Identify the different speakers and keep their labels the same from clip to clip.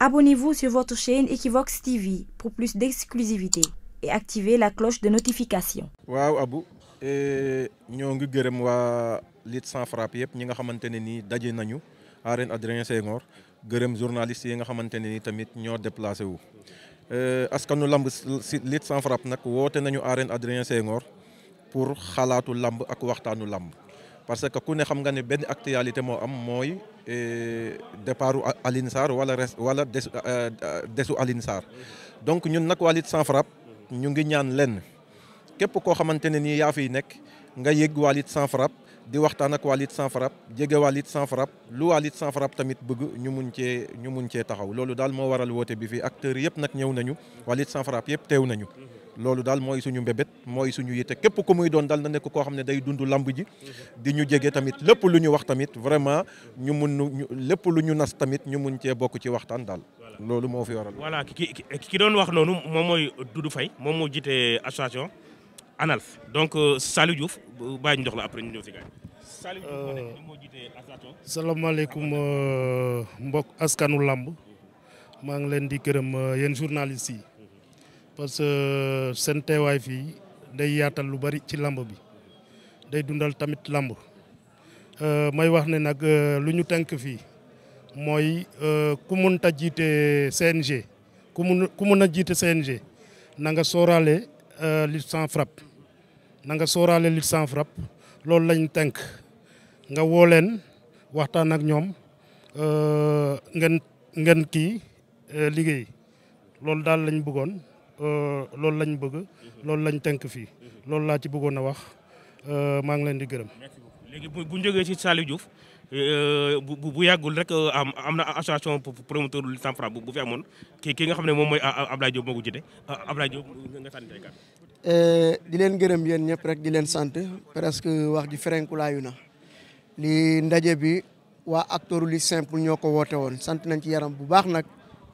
Speaker 1: Abonnez-vous sur votre chaîne Equivox TV pour plus d'exclusivité et activez la cloche de notification.
Speaker 2: waaw Abou eh, ñoo ngi gërëm waa lutte sans frappe yëpp ñi nga xamante ne nii daje nañu arène Adrien Senghor gërëm journaliste yi nga xamante ne nii tamit ñoo déplacé wu. Eh, askanu lamb si lutte sans frappe nag woote nañu arène Adrien Senghor pour xalaatu lamb ak waxtaanu làmb parce que ku ne xam nga ne benn actualité moo am mooy eh, départu Alioune Sarr wala res wala euh, euh, desu desu Alioune donc ñun nag waa Lutte sans ñu ngi ñaan lenn képp koo xamante ne nii yaa fiy nekk nga yëg waa Lutte sans di waxtaan ak waa Lutte sans jege waa Lutte sans lu waa Lutte sans tamit bëgg ñu mun cee ñu mun cee taxaw loolu daal moo waral woote bi fii acteur yëpp nag ñëw nañu walit Lutte sans frappe yëpp teew nañu. loolu daal mooy suñu mbébét mooy suñu yitte képp ku muy doon daal na nekk koo xam ne day dundu lamb ji di ñu jege tamit lépp lu ñu wax tamit vraiment ñu mun ñu lépp lu ñu nas tamit ñu mun cee bokk ci waxtaan daal. loolu moo fi waral.
Speaker 3: voilà ki ki doon wax noonu moom mooy Doudou Faye moom moo jiite association ANALF donc euh, Saliou Diouf bàyyi ñu jox la après ñu ñëw si gars Saliou Diouf moo jiite association. Euh, salaamaaleykum euh, mbokk askanu làmb maa ngi leen di gërëm yéen journalistes yi. parce que seen teewaay fii day yaatal lu bari ci lamb bi day dundal tamit lamb euh, may wax ne nag euh, lu ñu tënk fii mooy euh, ku mun ta jiite CNG ku mun ku mun a jiite CNG na nga sóoraale lutte sans frappe na nga sóoraale lutte sans frappe loolu lañ tënk nga wooleen waxtaan ak ñoom ngeen ngeen kii liggéey loolu daal lañ bëggoon Euh, loolu lañ bëgg loolu lañ tënk fii loolu laa ci bëggoon a wax euh, maa ngi leen di gërëm. léegi bu bu jógee ci Saliou Diouf euh, bu bu yàggul rek am am na association promoteur lu temps franc bu fi amoon ki ki nga xam ne moom mooy Abdoulaye Diop moo ko jiite Abdoulaye Diop nga sànni tey di leen gërëm yéen ñëpp rek di leen sant presque wax ji ferenkulaayu na li ndaje bi waa acteur li simple ñoo ko woote woon sant nañ ci yaram bu baax nag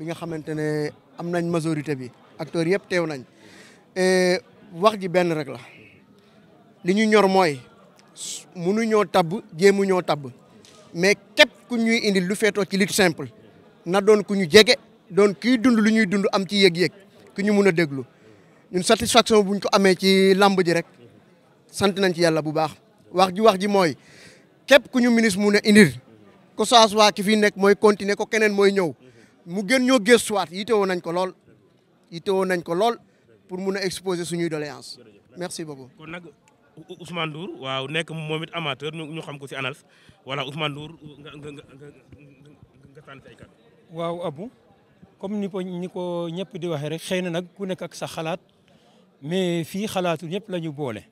Speaker 3: bi nga xamante ne am nañ majorité bi acteurs yëpp teew nañ eh, wax ji benn rek la li ñu ñor mooy munu mënuñoo tabb jéemuñoo tabb mais képp ku ñuy indil lu feetoo ci lutte simple na doon ku ñu jege doon kiy dund lu ñuy dund am ci yëg-yëg ku ñu mun a déglu ñun satisfaction buñ ko amee ci làmb ji rek sant nañ ci yàlla bu baax wax ji wax ji mooy képp ku ñu ministre mun a indil ko saas waa ki fi nekk mooy continuer ko keneen mooy ñëw mu gën ñoo gëstuwaat yitewoo nañ ko lool yittewoo nañ ko lool pour mun a exposer suñuy doléance merci beaucoup. kon nag Ousmane Ndour waaw nekk moom it amateur ñu xam ko si ANALS voilà Ousmane Ndour nga nga
Speaker 4: waaw abu comme ni ko ni ko ñëpp di waxee rek xëy na nag ku nekk ak sa xalaat mais fii xalaatu ñëpp la boole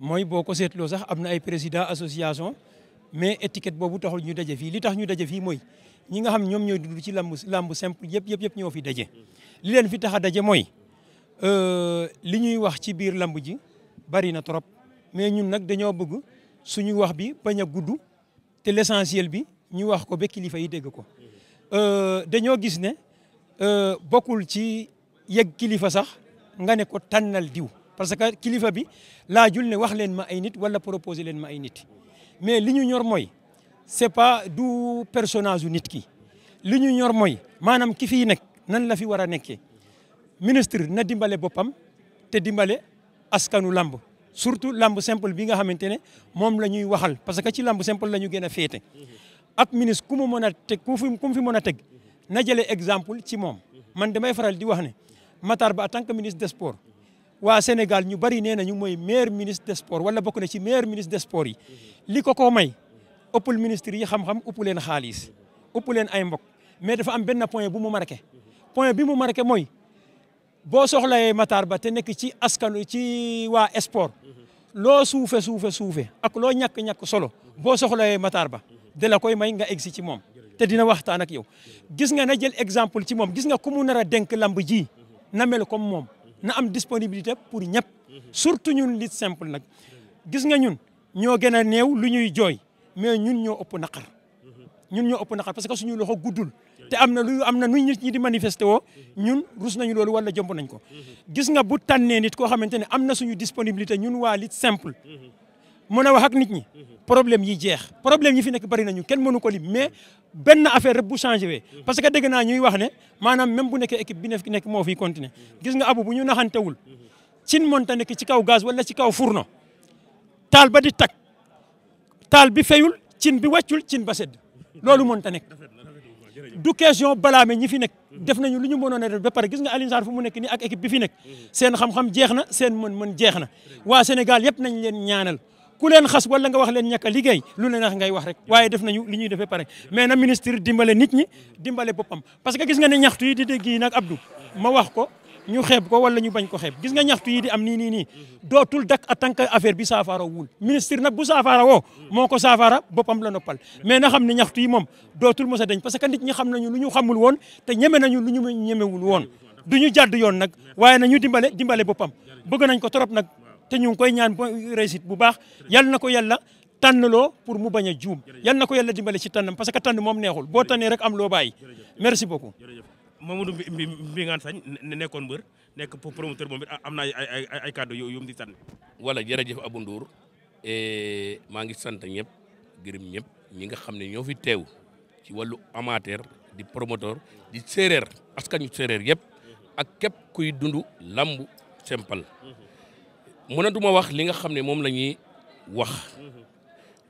Speaker 4: mooy boo ko seetloo sax am na ay président association mais étiquette boobu taxul ñu daje fii li tax ñu daje fii mooy ñi nga xam ñoom ñooy dund ci làmb làmb simple yëpp yëpp yëpp ñoo fi daje li leen fi taxa daje mooy euh, li ñuy wax ci biir làmb ji bari na trop mais ñun nag dañoo bëgg suñu wax bi bañ a gudd te l'essentiel bi ñu wax ko ba kilifa yi dégg ko euh, dañoo gis ne euh, bokkul ci yegg kilifa sax nga ne ko tànnal diw parce que kilifa bi laajul ne wax leen ma ay nit wala proposer leen ma ay nit mais li ñu ñor mooy c'est pas du personnage u nit ki li ñu ñor mooy maanaam ki fiy nekk nan la fi war a nekkee ministre na dimbale boppam te dimbale askanu lamb surtout lamb simple bi nga xamante ne moom la ñuy waxal parce que ci lamb simple la ñu gën a féete ab ministre ku mu mën a teg ku fi ku mu fi mën a teg na jëlee exemple ci moom man damay faral di wax ne Matar Ba en tant que ministre de sports waa Sénégal ñu bari nee na ñu mooy meilleur ministre des sports wala bokk na ci meilleur ministre de sports yi li ko ko may ëppul ministre yi xam-xam ëpp leen xaalis ëpp leen ay mbok mais dafa am benn point bu mu marqué point bi mu marqué mooy boo soxlawee Matar Ba te nekk ci askanu ci waa sport loo suufe suufe suufe ak loo ñàkk-ñàkk solo boo soxla soxlawee Matar Ba da koy may nga egsi ci moom te dina waxtaan ak yow gis nga na jël exemple ci moom gis nga ku mu nar a dénk lamb ji na mel comme moom na am disponibilité pour ñëpp surtout ñun lutte simple nag gis nga ñun ñoo gën a néew lu ñuy jooy mais ñun ñoo ëpp naqar ñun ñoo ëpp naqar parce que suñu loxo guddul te am na lu am na nu nit ñi di manifesté woo ñun rus nañu loolu wala jomb nañ ko gis nga bu tànnee nit koo xamante ne am na suñu disponibilité ñun waa lit simple mën na wax ak nit ñi problème yi jeex problème yi fi nekk bari nañu kenn mënu ko lim mais benn affaire bu changé wee parce que dégg naa ñuy wax ne maanaam même bu nekkee équipe bi nekk moo fiy gis nga abu bu ñu naxantewul cin monta nekk ci kaw gaz wala ci kaw fourneau taal ba di tak taal bi feyul cin bi wàccul cin ba sedd loolu mën ta nekk du question balaame ñi fi nekk def nañu lu ñu mënoon a def ba pare gis nga Alioune fu mu nekk nii ak équipe bi fi nekk seen xam-xam jeex na seen mën-mën jeex na waa Sénégal yëpp nañ leen ñaanal ku leen xas wala nga wax leen ñàkk liggéey lu ne wax ngay wax rek waaye def nañu li ñuy def ba pare mais na ministre dimbale nit ñi dimbale boppam parce que gis nga ne ñaxtu yi di dégg yi nag Abdou ma wax ko ñu xeeb ko wala ñu bañ ko xeeb gis nga ñaxtu yi di am ni nii nii dootul dak en tant que affaire bi saafara wul ministre nag bu saafara wo moo ko saafara boppam la noppal mais na xam ne ñaxtu yi moom dootul mos a deñ parce que nit ñi xam nañu lu ñu xamul woon te ñeme nañu lu ñu ñemewul woon du ñu jàdd yoon nag waaye na ñu dimbale dimbale boppam bëgg nañ ko trop nag te ñu ngi koy ñaan réussite bu baax yal na ko yàlla tànnloo pour mu bañ a juum yal na ko moom neexul boo tànnee rek am loo bàyyi merci
Speaker 3: Mamadou Mbi Mbingane Sagne nekkoon mbër nekk promoteur moom it am na ay ay
Speaker 5: ay kàddu yu di sànni. wala jërëjëf Abou Ndour maa ngi sant ñëpp gërëm ñëpp ñi nga xam ne ñoo fi teew ci wàllu amateur di promoteur di séeréer askanu séeréer yëpp ak képp kuy dund lambu simple. mënatuma wax li nga xam ne moom la ñuy wax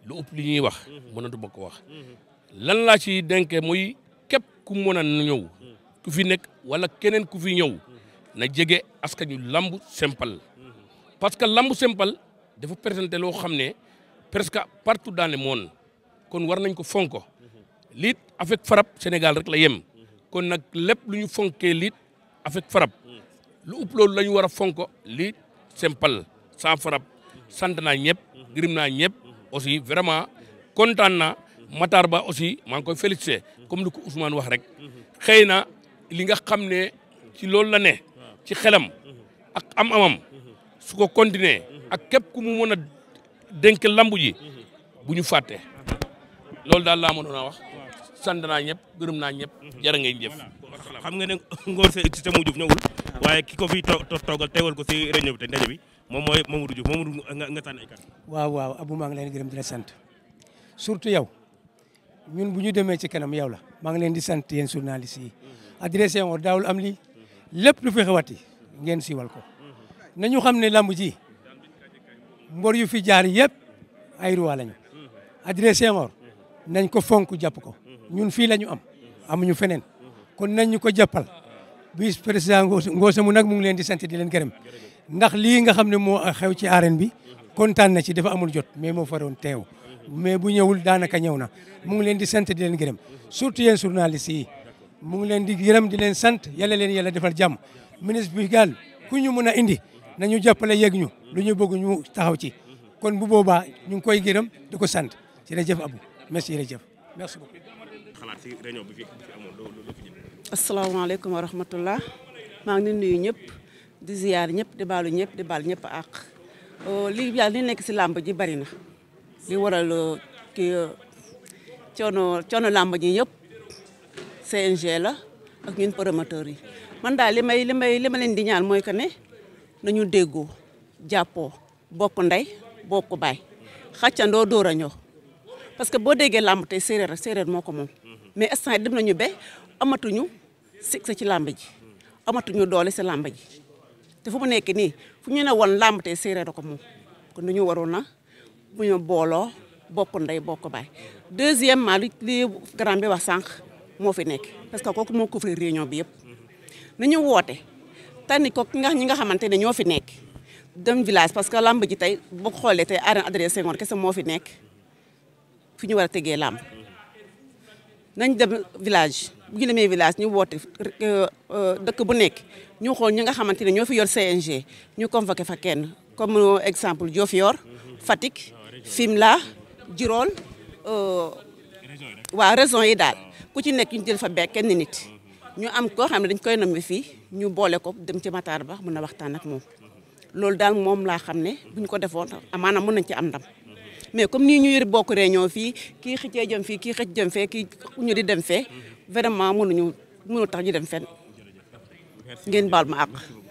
Speaker 5: lu ëpp li ñuy wax mënatuma ko wax lan laa ci denke muy képp ku mën a ñëw. ku fi nekk wala keneen ku fi ñëw na jege aska ñu lamb simple parce que lamb simple dafa présenté loo xam ne presque partout dans le monde kon war nañ ko fonk ko liit avec farab Sénégal rek la yem kon nag lépp lu ñu fonkee liit avec farab lu ëpp la ñu war a fonk liit simple sans farab sant naa ñëpp gërëm naa aussi vraiment kontaan na Matar Ba aussi maa koy félicité comme ni ko Ousmane wax rek xëy li nga xam ne ci loolu la ne ci xelam ak am amam su ko continuer ak képp ku mu mën a dénk lamb ji bu ñu fàtte loolu daal laa mënoon a wax sant naa ñëpp gërëm naa ñëpp jërë ngeen jëf xam nga ne Ngor Système mu Diouf ñëwul waaye ki ko fi toogal teewal ko si réunion
Speaker 3: bi te ndaje bi moom mooy Mamadou Diouf Mamadou nga tànn ay kan
Speaker 4: waaw waaw Abou maa leen gërëm di sant surtout yow ñun bu ñu demee ci kanam yow la maa ngi leen di sant yéen journalistes yi adressé woon daawul am lii lépp lu fi xewati ngeen siiwal ko nañu xam ne lamb ji mbor yu fi jaar yëpp ay ruwa lañu adressé woon nañ ko fonk jàpp ko ñun fii la ñu am amuñu feneen kon nañ ñu ko jàppal bis président Ngose mu nag mu ngi leen di sant di leen gërëm ndax lii nga xam ne moo xew ci arène bi kontaan na ci dafa amul jot mais moo faroon teew mais bu ñëwul daanaka ñëw na mu ngi leen di sant di leen gërëm surtout yéen journalistes yi mu ngi leen di yërëm di leen sant yàlla leen yàlla defal jàmm ministre bi gaal ku ñu mën a indi nañu jàppale yegg ñu lu ñu bëgg ñu taxaw ci kon bu boobaa ñu ngi koy gërëm di ko sant
Speaker 1: jërëjëf Abou merci jërëjëf
Speaker 3: merci beaucoup. xalaat si réunion bi fi amoon loolu la
Speaker 1: fi jëm. maa ngi nuyu ñëpp di ziyaar ñëpp di baalu ñëpp di baal ñëpp àq oh, li li nekk si làmb ji bari na li waral ci uh, uh, coono coono làmb ji yëpp. CNG la ak ñun promoteurs yi man daal li may li may li ma leen di ñaan mooy que ne nañu déggoo jàppoo bokk ndey bokk baay xàccandoo dóor a ñoo parce que boo déggee làmb tey séeréer séeréer moo ko moom mais instant dem nañu ba amatuñu siksa ci làmb ji amatuñu doole si làmb ji te fu mu nekk nii fu ñu ne woon làmb tey ko moom kon dañu waroon na bu ñu booloo bokk ndey bokk baay deuxièmement li li grand bi moo fi nekk parce que kooku moo couvrir réunion bi yëpp nañu woote tànn ko nga ñi nga xamante ne ñoo fi nekk dem village parce que làmb ji tey boo xoolee tey arène Adrien Senghor kese moo fi nekk fi ñu war a tegee làmb nañ dem village bu ñu demee village ñu woote euh, euh, dëkk bu nekk ñu xool ñi nga xamante ne ñoo fi yor CNG ñu convoqué fa kenn comme euh, exemple Diofior Fatick Fimela Jirol waa raison yi daal ku ci nekk ñu jël fa benn kenn nit mm-hmm. ñu am koo xam ne dañ koy nommer fii ñu boole ko dem ci mataar Ba mun na waxtaan nag moom mm-hmm. loolu daal moom laa xam ne bu ko defoon maanaam mën nañ ci am ndam mm-hmm. mais comme nii ñu yëri bokk réunion fii kii xëccee jom fii kii xëcc jëm fee kii ñu di dem fee vraiment mënuñu mënu tax ñu dem fenn ngeen baal mu àq